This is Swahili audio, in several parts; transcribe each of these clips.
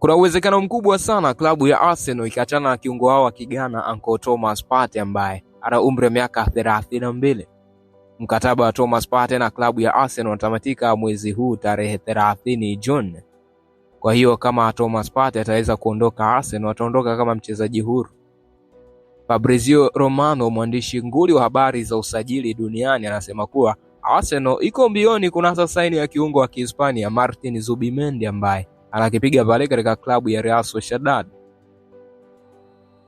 kuna uwezekano mkubwa sana klabu ya Arsenal ikiachana na kiungo wao wa Kigana Anko Thomas Partey ambaye ana umri wa miaka 32. mbili. Mkataba wa Thomas Partey na klabu ya Arsenal unatamatika mwezi huu tarehe 30 Juni. Kwa hiyo kama Thomas Partey ataweza kuondoka Arsenal, ataondoka kama mchezaji huru. Fabrizio Romano, mwandishi nguli wa habari za usajili duniani, anasema kuwa Arsenal iko mbioni kunasa saini ya kiungo wa Kihispania Martin Zubimendi ambaye anakipiga pale katika klabu ya Real Sociedad.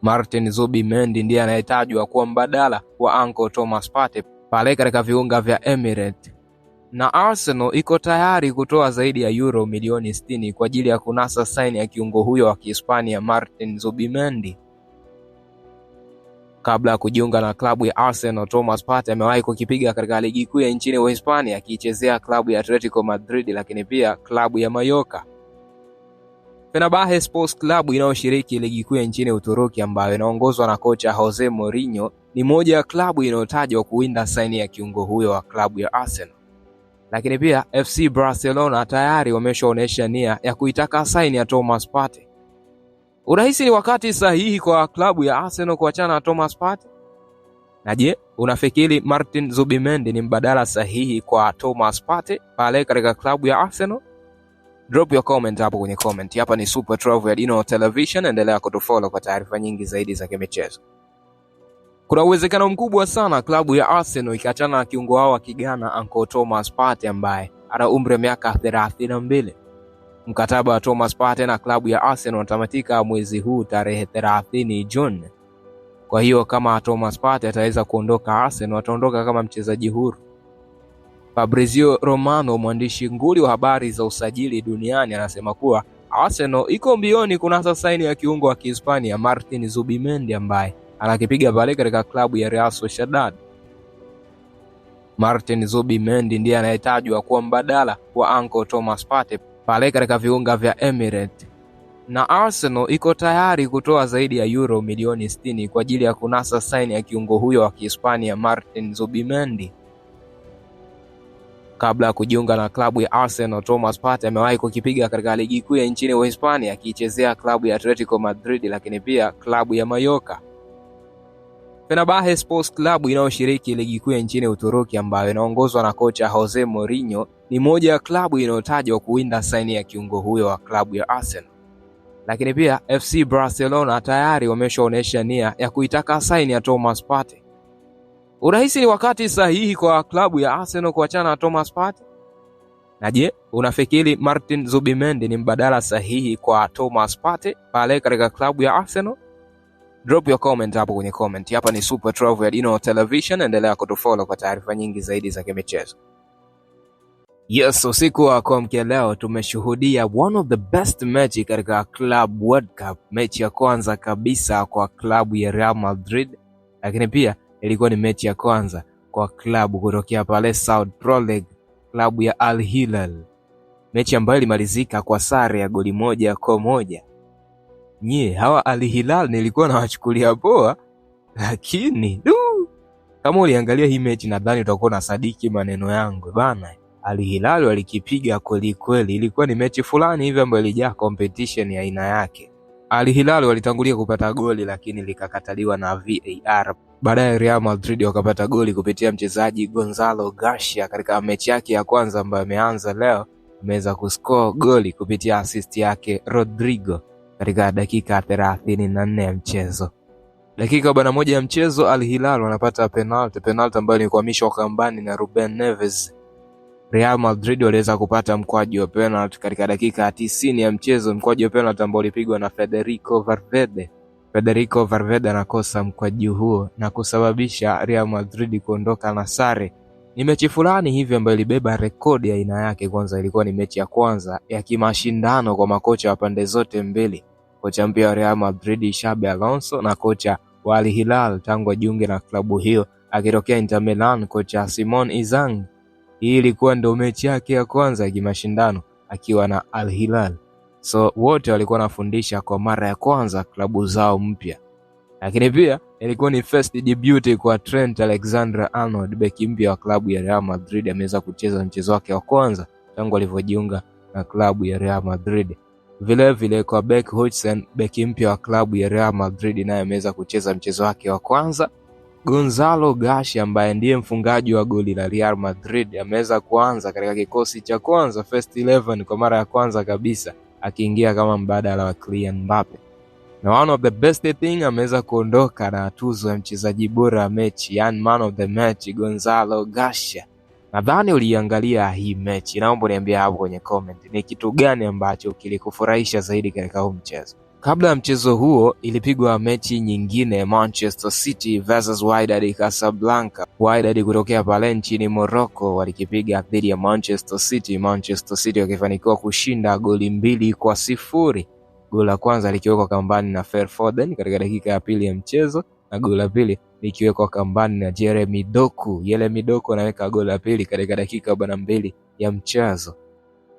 Martin Zubimendi ndiye anayetajwa kuwa mbadala wa Anko Thomas Partey pale katika viunga vya Emirates, na Arsenal iko tayari kutoa zaidi ya euro milioni 60 kwa ajili ya kunasa saini ya kiungo huyo wa Kihispania Martin Zubimendi. Kabla ya kujiunga na klabu ya Arsenal, Thomas Partey amewahi kukipiga katika ligi kuu ya nchini Uhispania akiichezea klabu ya Atletico Madrid, lakini pia klabu ya Mallorca. Fenerbahce Sports Club inayoshiriki ligi kuu ya nchini Uturuki ambayo inaongozwa na kocha Jose Mourinho ni moja ya klabu inayotajwa kuwinda saini ya kiungo huyo wa klabu ya Arsenal. Lakini pia FC Barcelona tayari wameshaonyesha nia ya kuitaka saini ya Thomas Partey. Unahisi ni wakati sahihi kwa klabu ya Arsenal kuachana na Thomas Partey? Na je, unafikiri Martin Zubimendi ni mbadala sahihi kwa Thomas Partey pale katika klabu ya Arsenal? drop your comment hapo kwenye comment. Hapa ni Super Travel ya Dino Television, endelea kutufollow kwa taarifa nyingi zaidi za kimichezo. Kuna uwezekano mkubwa sana klabu ya Arsenal ikiachana na kiungo wao wa Kigana Anko Thomas Partey ambaye ana umri wa miaka 32. Mkataba wa Thomas Partey na klabu ya Arsenal unatamatika mwezi huu tarehe 30 Juni. Kwa hiyo kama Thomas Partey ataweza kuondoka Arsenal, ataondoka kama mchezaji huru. Fabrizio Romano mwandishi nguli wa habari za usajili duniani anasema kuwa Arsenal iko mbioni kunasa saini ya kiungo wa Kihispania Martin Zubimendi ambaye anakipiga pale katika klabu ya Real Sociedad. Martin Zubimendi ndiye anayetajwa kuwa mbadala wa Anko Thomas Partey pale katika viunga vya Emirates na Arsenal iko tayari kutoa zaidi ya euro milioni 60 kwa ajili ya kunasa saini ya kiungo huyo wa Kihispania Martin Zubimendi. Kabla ya kujiunga na klabu ya Arsenal Thomas Partey amewahi kukipiga katika ligi kuu ya nchini Uhispania akiichezea klabu ya Atletico Madrid lakini pia klabu ya Mallorca. Fenerbahce Sports Club inayoshiriki ligi kuu ya nchini Uturuki ambayo inaongozwa na kocha Jose Mourinho ni moja ya klabu inayotajwa kuwinda saini ya kiungo huyo wa klabu ya Arsenal. Lakini pia FC Barcelona tayari wameshaonyesha nia ya kuitaka saini ya Thomas Partey. Unahisi ni wakati sahihi kwa klabu ya Arsenal kuachana na Thomas Partey? Na je, unafikiri Martin Zubimendi ni mbadala sahihi kwa Thomas Partey pale katika klabu ya Arsenal? Drop your comment hapo kwenye comment. Hapa ni Super Travel ya Dino Television, endelea kutufollow kwa taarifa nyingi zaidi za kimichezo. Yes, usiku wa kuamkia leo tumeshuhudia one of the best match katika Club World Cup, mechi ya kwanza kabisa kwa klabu ya Real Madrid, lakini pia ilikuwa ni mechi ya kwanza kwa klabu kutokea pale Saudi Pro League, klabu ya Al Hilal, mechi ambayo ilimalizika kwa sare ya goli moja kwa moja. Nyie hawa Al Hilal nilikuwa nawachukulia poa, lakini du, kama uliangalia hii mechi, nadhani utakuwa na sadiki maneno yangu bana. Al Hilal walikipiga kweli kweli, ilikuwa ni mechi fulani hivi ambayo ilijaa competition ya aina yake. Al Hilal walitangulia kupata goli lakini likakataliwa na VAR. Baadaye Real Madrid wakapata goli kupitia mchezaji Gonzalo Garcia katika mechi yake ya kwanza ambayo ameanza leo, ameweza kuscore goli kupitia assist yake Rodrigo katika dakika 34 ya mchezo. Dakika arobaini na moja ya mchezo Al Hilal wanapata penalti, penalti ambayo ni kuhamishwa kambani na Ruben Neves Real Madrid waliweza kupata mkwaju wa penalti katika dakika ya tisini ya mchezo, mkwaju wa penalti ambao ulipigwa na Federico Valverde. Federico Valverde anakosa mkwaju huo na kusababisha Real Madrid kuondoka na sare. Ni mechi fulani hivi ambayo ilibeba rekodi ya aina yake. Kwanza ilikuwa ni mechi ya kwanza ya kimashindano kwa makocha wa pande zote mbili, kocha mpya wa Real Madrid Xabi Alonso na kocha wa Al Hilal tangu ajiunge na klabu hiyo akitokea Inter Milan, kocha Simon Inzaghi hii ilikuwa ndio mechi yake ya kwanza ya kimashindano akiwa na Al Hilal, so wote walikuwa wanafundisha kwa mara ya kwanza klabu zao mpya, lakini pia ilikuwa ni first debut kwa Trent Alexander-Arnold, beki mpya wa klabu ya Real Madrid. Ameweza kucheza mchezo wake wa kwanza tangu alivyojiunga na klabu ya Real Madrid. Vilevile vile kwa Beck Hodgson, beki mpya wa klabu ya Real Madrid, naye ameweza kucheza mchezo wake wa kwanza Gonzalo Gashi ambaye ndiye mfungaji wa goli la Real Madrid ameweza kuanza katika kikosi cha kwanza first 11 kwa mara ya kwanza kabisa akiingia kama mbadala wa Kylian Mbappe, na one of the best thing ameweza kuondoka na tuzo ya mchezaji bora wa mechi, yani man of the match Gonzalo Gashi. Nadhani uliangalia hii mechi, naomba niambia hapo kwenye comment ni kitu gani ambacho kilikufurahisha zaidi katika huu mchezo. Kabla ya mchezo huo ilipigwa mechi nyingine Manchester City vs Wydad Casablanca Wydad kutokea pale nchini Morocco walikipiga dhidi ya Manchester City, Manchester City wakifanikiwa kushinda goli mbili kwa sifuri. Goli la kwanza likiwekwa kambani na Phil Foden katika dakika ya pili ya mchezo na goli la pili likiwekwa kambani na Jeremy Doku. Jeremy Doku anaweka goli la pili katika dakika arobaini na mbili ya mchezo.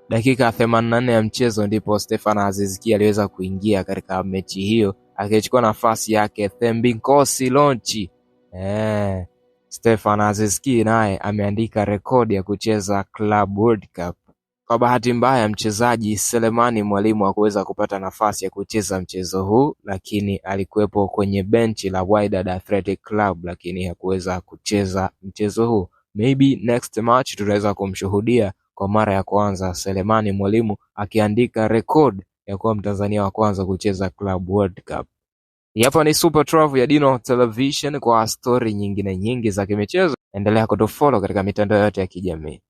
Dakika 84 ya mchezo ndipo Stefan Aziziki aliweza kuingia katika mechi hiyo akichukua nafasi yake Nkosi Lonchi. Eh, Stefan Aziziki naye ameandika rekodi ya kucheza Club World Cup. Kwa bahati mbaya, mchezaji Selemani Mwalimu hakuweza kupata nafasi ya kucheza mchezo huu, lakini alikuwepo kwenye benchi la Wydad Athletic Club, lakini hakuweza kucheza mchezo huu. Maybe next match tunaweza kumshuhudia kwa mara ya kwanza Selemani Mwalimu akiandika rekodi ya kuwa Mtanzania wa kwanza kucheza Club World Cup hii ni Super Travel ya Dino Television. Kwa stori nyingine nyingi za kimichezo, endelea kutufollow katika mitandao yote ya kijamii.